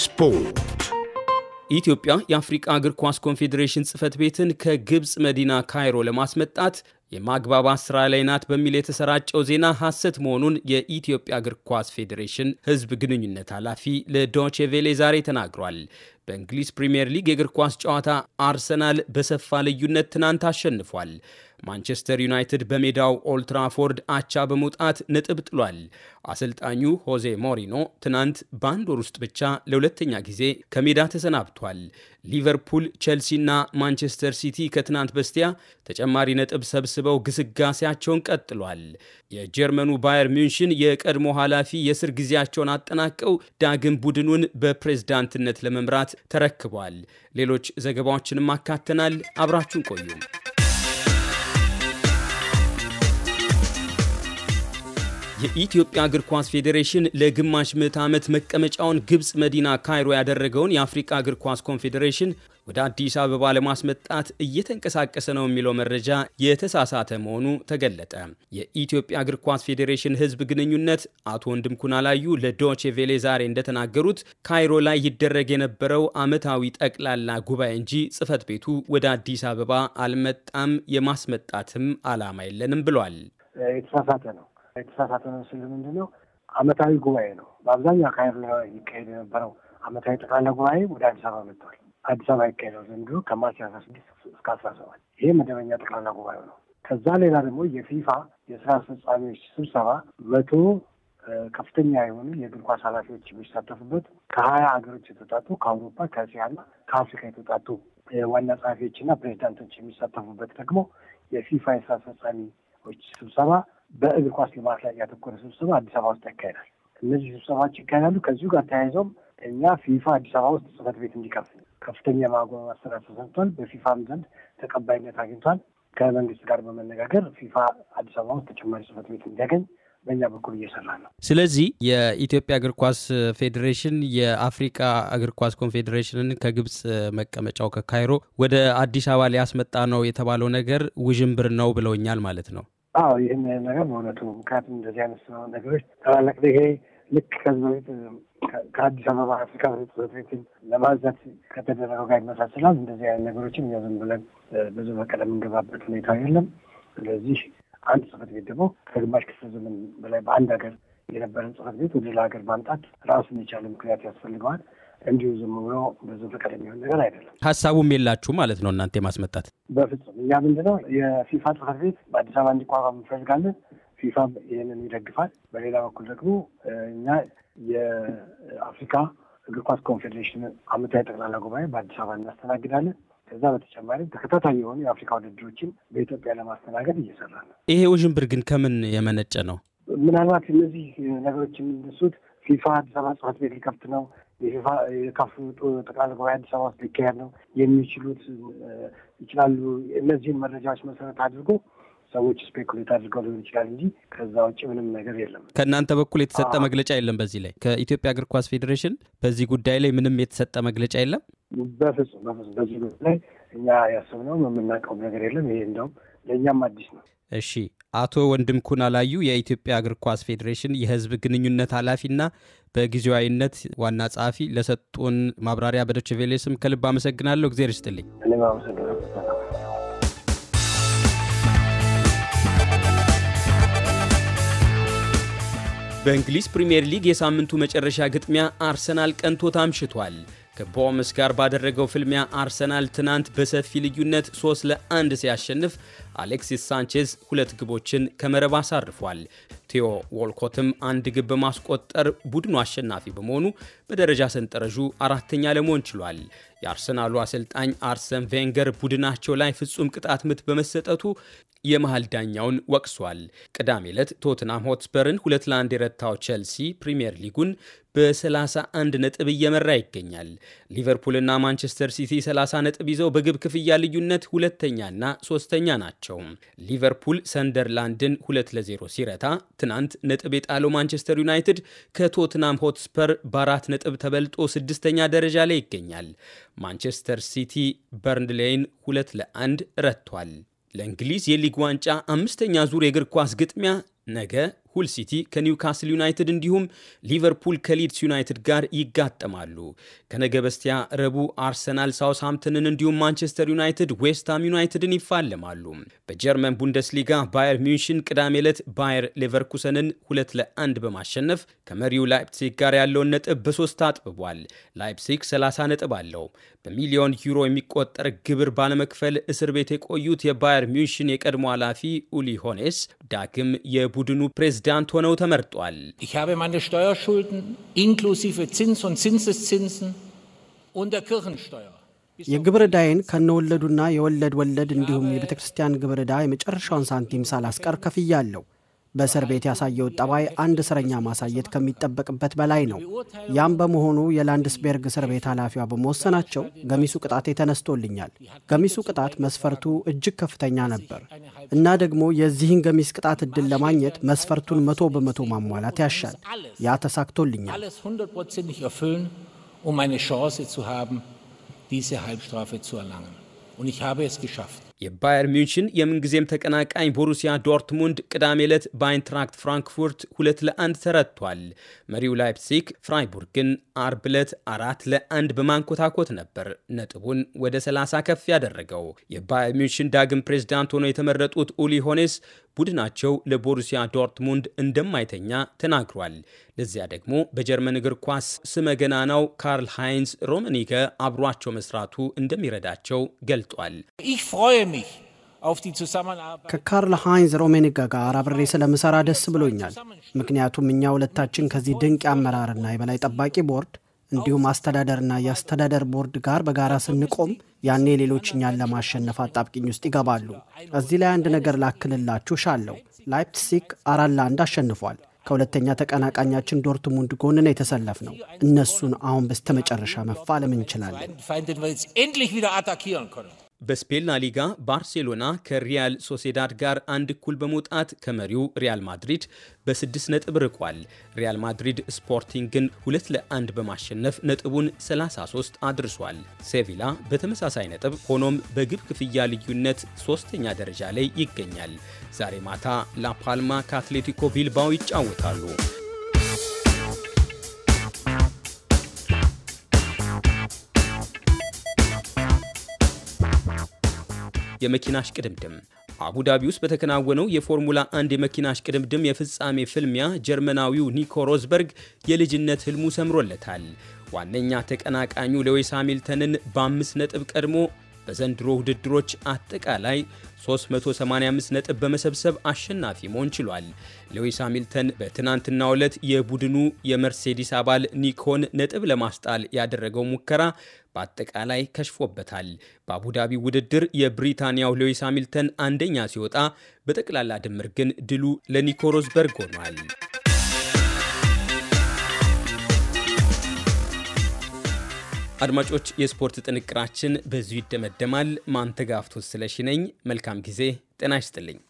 ስፖርት ኢትዮጵያ የአፍሪቃ እግር ኳስ ኮንፌዴሬሽን ጽህፈት ቤትን ከግብፅ መዲና ካይሮ ለማስመጣት የማግባባት ስራ ላይ ናት በሚል የተሰራጨው ዜና ሐሰት መሆኑን የኢትዮጵያ እግር ኳስ ፌዴሬሽን ህዝብ ግንኙነት ኃላፊ ለዶቼ ቬሌ ዛሬ ተናግሯል። በእንግሊዝ ፕሪምየር ሊግ የእግር ኳስ ጨዋታ አርሰናል በሰፋ ልዩነት ትናንት አሸንፏል። ማንቸስተር ዩናይትድ በሜዳው ኦልትራፎርድ አቻ በመውጣት ነጥብ ጥሏል። አሰልጣኙ ሆዜ ሞሪኖ ትናንት በአንድ ወር ውስጥ ብቻ ለሁለተኛ ጊዜ ከሜዳ ተሰናብቷል። ሊቨርፑል፣ ቸልሲና ማንቸስተር ሲቲ ከትናንት በስቲያ ተጨማሪ ነጥብ ሰብስበው ግስጋሴያቸውን ቀጥሏል። የጀርመኑ ባየር ሚንሽን የቀድሞ ኃላፊ የስር ጊዜያቸውን አጠናቀው ዳግም ቡድኑን በፕሬዝዳንትነት ለመምራት ተረክቧል። ሌሎች ዘገባዎችንም አካተናል። አብራችሁን ቆዩ። የኢትዮጵያ እግር ኳስ ፌዴሬሽን ለግማሽ ምዕት ዓመት መቀመጫውን ግብፅ መዲና ካይሮ ያደረገውን የአፍሪቃ እግር ኳስ ኮንፌዴሬሽን ወደ አዲስ አበባ ለማስመጣት እየተንቀሳቀሰ ነው የሚለው መረጃ የተሳሳተ መሆኑ ተገለጠ። የኢትዮጵያ እግር ኳስ ፌዴሬሽን ሕዝብ ግንኙነት አቶ ወንድምኩን አላዩ ለዶቼ ቬሌ ዛሬ እንደተናገሩት ካይሮ ላይ ይደረግ የነበረው ዓመታዊ ጠቅላላ ጉባኤ እንጂ ጽህፈት ቤቱ ወደ አዲስ አበባ አልመጣም፣ የማስመጣትም ዓላማ የለንም ብሏል። የተሳሳተ ነው። የተሳሳተ ምስል ምንድነው? አመታዊ ጉባኤ ነው። በአብዛኛው አካባቢ ይካሄድ የነበረው አመታዊ ጠቅላላ ጉባኤ ወደ አዲስ አበባ መጥቷል። አዲስ አበባ ይካሄደው ዘንድሮ ከማርች አስራ ስድስት እስከ አስራ ሰባት ይሄ መደበኛ ጠቅላላ ጉባኤው ነው። ከዛ ሌላ ደግሞ የፊፋ የስራ አስፈጻሚዎች ስብሰባ መቶ ከፍተኛ የሆኑ የእግር ኳስ ኃላፊዎች የሚሳተፉበት ከሀያ ሀገሮች የተውጣጡ ከአውሮፓ ከእስያና ከአፍሪካ የተውጣጡ ዋና ጸሐፊዎችና ፕሬዚዳንቶች የሚሳተፉበት ደግሞ የፊፋ የስራ አስፈጻሚ ፓርቲዎች ስብሰባ በእግር ኳስ ልማት ላይ ያተኮረ ስብሰባ አዲስ አበባ ውስጥ ያካሄዳል። እነዚህ ስብሰባዎች ይካሄዳሉ። ከዚሁ ጋር ተያይዘውም እኛ ፊፋ አዲስ አበባ ውስጥ ጽህፈት ቤት እንዲከፍት ከፍተኛ ማጓማት ስራ ተሰርቷል። በፊፋም ዘንድ ተቀባይነት አግኝቷል። ከመንግስት ጋር በመነጋገር ፊፋ አዲስ አበባ ውስጥ ተጨማሪ ጽህፈት ቤት እንዲያገኝ በእኛ በኩል እየሰራ ነው። ስለዚህ የኢትዮጵያ እግር ኳስ ፌዴሬሽን የአፍሪካ እግር ኳስ ኮንፌዴሬሽንን ከግብፅ መቀመጫው ከካይሮ ወደ አዲስ አበባ ሊያስመጣ ነው የተባለው ነገር ውዥንብር ነው ብለውኛል ማለት ነው። አዎ ይህን ነገር በእውነቱ ምክንያቱም እንደዚህ አይነት ነገሮች ታላላቅ ይሄ ልክ ከዚህ በፊት ከአዲስ አበባ አፍሪካ ህብረት ቤትን ለማዛት ከተደረገው ጋር ይመሳሰላል። እንደዚህ አይነት ነገሮችን እኛ ዝም ብለን ብዙ በቀለም እንገባበት ሁኔታ የለም። ስለዚህ አንድ ጽህፈት ቤት ደግሞ ከግማሽ ክፍለ ዘመን በላይ በአንድ ሀገር የነበረን ጽህፈት ቤት ወደ ሌላ ሀገር ማምጣት ራሱን የቻለ ምክንያት ያስፈልገዋል። እንዲሁ ዝም ብሎ ብዙ ፈቃድ የሚሆን ነገር አይደለም። ሀሳቡም የላችሁ ማለት ነው እናንተ የማስመጣት በፍጹም። እኛ ምንድነው የፊፋ ጽህፈት ቤት በአዲስ አበባ እንዲቋቋም እንፈልጋለን። ፊፋ ይህንን ይደግፋል። በሌላ በኩል ደግሞ እኛ የአፍሪካ እግር ኳስ ኮንፌዴሬሽን አመታዊ ጠቅላላ ጉባኤ በአዲስ አበባ እናስተናግዳለን። ከዛ በተጨማሪ ተከታታይ የሆኑ የአፍሪካ ውድድሮችን በኢትዮጵያ ለማስተናገድ እየሰራ ነው። ይሄ ውዥንብር ግን ከምን የመነጨ ነው? ምናልባት እነዚህ ነገሮች የሚነሱት ፊፋ አዲስ አበባ ጽሕፈት ቤት ሊከፍት ነው የፊፋ የካፍ ጠቅላላ ጉባኤ አዲስ አበባ ውስጥ ሊካሄድ ነው የሚችሉት ይችላሉ። እነዚህን መረጃዎች መሰረት አድርጎ ሰዎች ስፔኩሌት አድርገው ሊሆን ይችላል እንጂ ከዛ ውጭ ምንም ነገር የለም። ከእናንተ በኩል የተሰጠ መግለጫ የለም። በዚህ ላይ ከኢትዮጵያ እግር ኳስ ፌዴሬሽን በዚህ ጉዳይ ላይ ምንም የተሰጠ መግለጫ የለም። በፍጹም በፍጹም። በዚህ ጉዳይ እኛ ያሰብነው የምናውቀው ነገር የለም። ይሄ እንደውም ለእኛም አዲስ ነው። እሺ አቶ ኩን አላዩ የኢትዮጵያ እግር ኳስ ፌዴሬሽን የህዝብ ግንኙነት ኃላፊና በጊዜያዊነት ዋና ጸሐፊ ለሰጡን ማብራሪያ በዶቼ ቬሌ ስም ከልብ አመሰግናለሁ። እግዜር ይስጥልኝ። በእንግሊዝ ፕሪምየር ሊግ የሳምንቱ መጨረሻ ግጥሚያ አርሰናል ቀንቶት አምሽቷል። ከቦምስ ጋር ባደረገው ፍልሚያ አርሰናል ትናንት በሰፊ ልዩነት 3 ለአንድ ሲያሸንፍ አሌክሲስ ሳንቼዝ ሁለት ግቦችን ከመረብ አሳርፏል። ቴዎ ዎልኮትም አንድ ግብ በማስቆጠር ቡድኑ አሸናፊ በመሆኑ በደረጃ ሰንጠረዡ አራተኛ ለመሆን ችሏል። የአርሰናሉ አሰልጣኝ አርሰን ቬንገር ቡድናቸው ላይ ፍጹም ቅጣት ምት በመሰጠቱ የመሃል ዳኛውን ወቅሷል። ቅዳሜ ዕለት ቶትናም ሆትስፐርን ሁለት ለአንድ የረታው ቼልሲ ፕሪምየር ሊጉን በ31 ነጥብ እየመራ ይገኛል። ሊቨርፑልና ማንቸስተር ሲቲ 30 ነጥብ ይዘው በግብ ክፍያ ልዩነት ሁለተኛና ሶስተኛ ናቸው። ሊቨርፑል ሰንደርላንድን 2 ለ0 ሲረታ፣ ትናንት ነጥብ የጣለው ማንቸስተር ዩናይትድ ከቶትናም ሆትስፐር በአራት ነጥብ ተበልጦ ስድስተኛ ደረጃ ላይ ይገኛል። ማንቸስተር ሲቲ በርንድሌይን 2 ለ1 ረቷል። ለእንግሊዝ የሊግ ዋንጫ አምስተኛ ዙር የእግር ኳስ ግጥሚያ ነገ ሁል ሲቲ ከኒውካስል ዩናይትድ እንዲሁም ሊቨርፑል ከሊድስ ዩናይትድ ጋር ይጋጠማሉ። ከነገ በስቲያ ረቡ አርሰናል ሳውስሃምፕተንን እንዲሁም ማንቸስተር ዩናይትድ ዌስትሃም ዩናይትድን ይፋለማሉ። በጀርመን ቡንደስሊጋ ባየር ሚንሽን ቅዳሜ ዕለት ባየር ሌቨርኩሰንን ሁለት ለአንድ በማሸነፍ ከመሪው ላይፕሲክ ጋር ያለውን ነጥብ በሶስት አጥብቧል። ላይፕሲክ 30 ነጥብ አለው። በሚሊዮን ዩሮ የሚቆጠር ግብር ባለመክፈል እስር ቤት የቆዩት የባየር ሚንሽን የቀድሞ ኃላፊ ኡሊ ሆኔስ ዳግም የቡድኑ ፕሬዝ ፕሬዚዳንት ሆነው ተመርጧል። ich habe meine Steuerschulden inklusive Zins und Zinseszinsen und der Kirchensteuer የግብር ዕዳዬን ከነወለዱና የወለድ ወለድ እንዲሁም የቤተ ክርስቲያን ግብር ዕዳ የመጨረሻውን ሳንቲም ሳላስቀር ከፍያለሁ። በእስር ቤት ያሳየው ጠባይ አንድ እስረኛ ማሳየት ከሚጠበቅበት በላይ ነው። ያም በመሆኑ የላንድስቤርግ እስር ቤት ኃላፊዋ በመወሰናቸው ገሚሱ ቅጣቴ ተነስቶልኛል። ገሚሱ ቅጣት መስፈርቱ እጅግ ከፍተኛ ነበር እና ደግሞ የዚህን ገሚስ ቅጣት እድል ለማግኘት መስፈርቱን መቶ በመቶ ማሟላት ያሻል። ያ ተሳክቶልኛል። um የባየር ሚንሽን የምንጊዜም ተቀናቃኝ ቦሩሲያ ዶርትሙንድ ቅዳሜ ዕለት በአይንትራክት ፍራንክፉርት ሁለት ለአንድ ተረቷል። መሪው ላይፕሲክ ፍራይቡርግን አርብ ዕለት አራት ለአንድ በማንኮታኮት ነበር ነጥቡን ወደ 30 ከፍ ያደረገው። የባየር ሚንሽን ዳግም ፕሬዝዳንት ሆነው የተመረጡት ኡሊ ሆኔስ ቡድናቸው ለቦሩሲያ ዶርትሙንድ እንደማይተኛ ተናግሯል። ለዚያ ደግሞ በጀርመን እግር ኳስ ስመገናናው ካርል ሃይንስ ሮመኒገ አብሯቸው መስራቱ እንደሚረዳቸው ገልጧል። ከካርል ሃይንዝ ሮሜኒጋ ጋር አብሬ ስለምሰራ ደስ ብሎኛል። ምክንያቱም እኛ ሁለታችን ከዚህ ድንቅ የአመራርና የበላይ ጠባቂ ቦርድ እንዲሁም አስተዳደርና የአስተዳደር ቦርድ ጋር በጋራ ስንቆም ያኔ ሌሎች እኛን ለማሸነፍ አጣብቂኝ ውስጥ ይገባሉ። እዚህ ላይ አንድ ነገር ላክልላችሁ ሻለው። ላይፕሲክ አራት ለአንድ አሸንፏል። ከሁለተኛ ተቀናቃኛችን ዶርትሙንድ ጎን ነው የተሰለፍ ነው። እነሱን አሁን በስተመጨረሻ መፋለም እንችላለን። በስፔን ላሊጋ ባርሴሎና ከሪያል ሶሴዳድ ጋር አንድ እኩል በመውጣት ከመሪው ሪያል ማድሪድ በስድስት ነጥብ ርቋል። ሪያል ማድሪድ ስፖርቲንግን ሁለት ለአንድ በማሸነፍ ነጥቡን 33 አድርሷል። ሴቪላ በተመሳሳይ ነጥብ ሆኖም በግብ ክፍያ ልዩነት ሶስተኛ ደረጃ ላይ ይገኛል። ዛሬ ማታ ላፓልማ ከአትሌቲኮ ቢልባው ይጫወታሉ። የመኪና እሽቅድምድም አቡዳቢ ውስጥ በተከናወነው የፎርሙላ 1 የመኪና እሽቅድምድም የፍጻሜ ፍልሚያ ጀርመናዊው ኒኮ ሮዝበርግ የልጅነት ህልሙ ሰምሮለታል። ዋነኛ ተቀናቃኙ ሌዊስ ሃሚልተንን በአምስት ነጥብ ቀድሞ በዘንድሮ ውድድሮች አጠቃላይ 385 ነጥብ በመሰብሰብ አሸናፊ መሆን ችሏል። ሌዊስ ሃሚልተን በትናንትናው ዕለት የቡድኑ የመርሴዲስ አባል ኒኮን ነጥብ ለማስጣል ያደረገው ሙከራ በአጠቃላይ ከሽፎበታል። በአቡዳቢ ውድድር የብሪታንያው ሌዊስ ሃሚልተን አንደኛ ሲወጣ፣ በጠቅላላ ድምር ግን ድሉ ለኒኮ ሮዝበርግ ሆኗል። አድማጮች፣ የስፖርት ጥንቅራችን በዚሁ ይደመደማል። ማንተጋፍቶ ስለሽነኝ መልካም ጊዜ። ጤና ይስጥልኝ።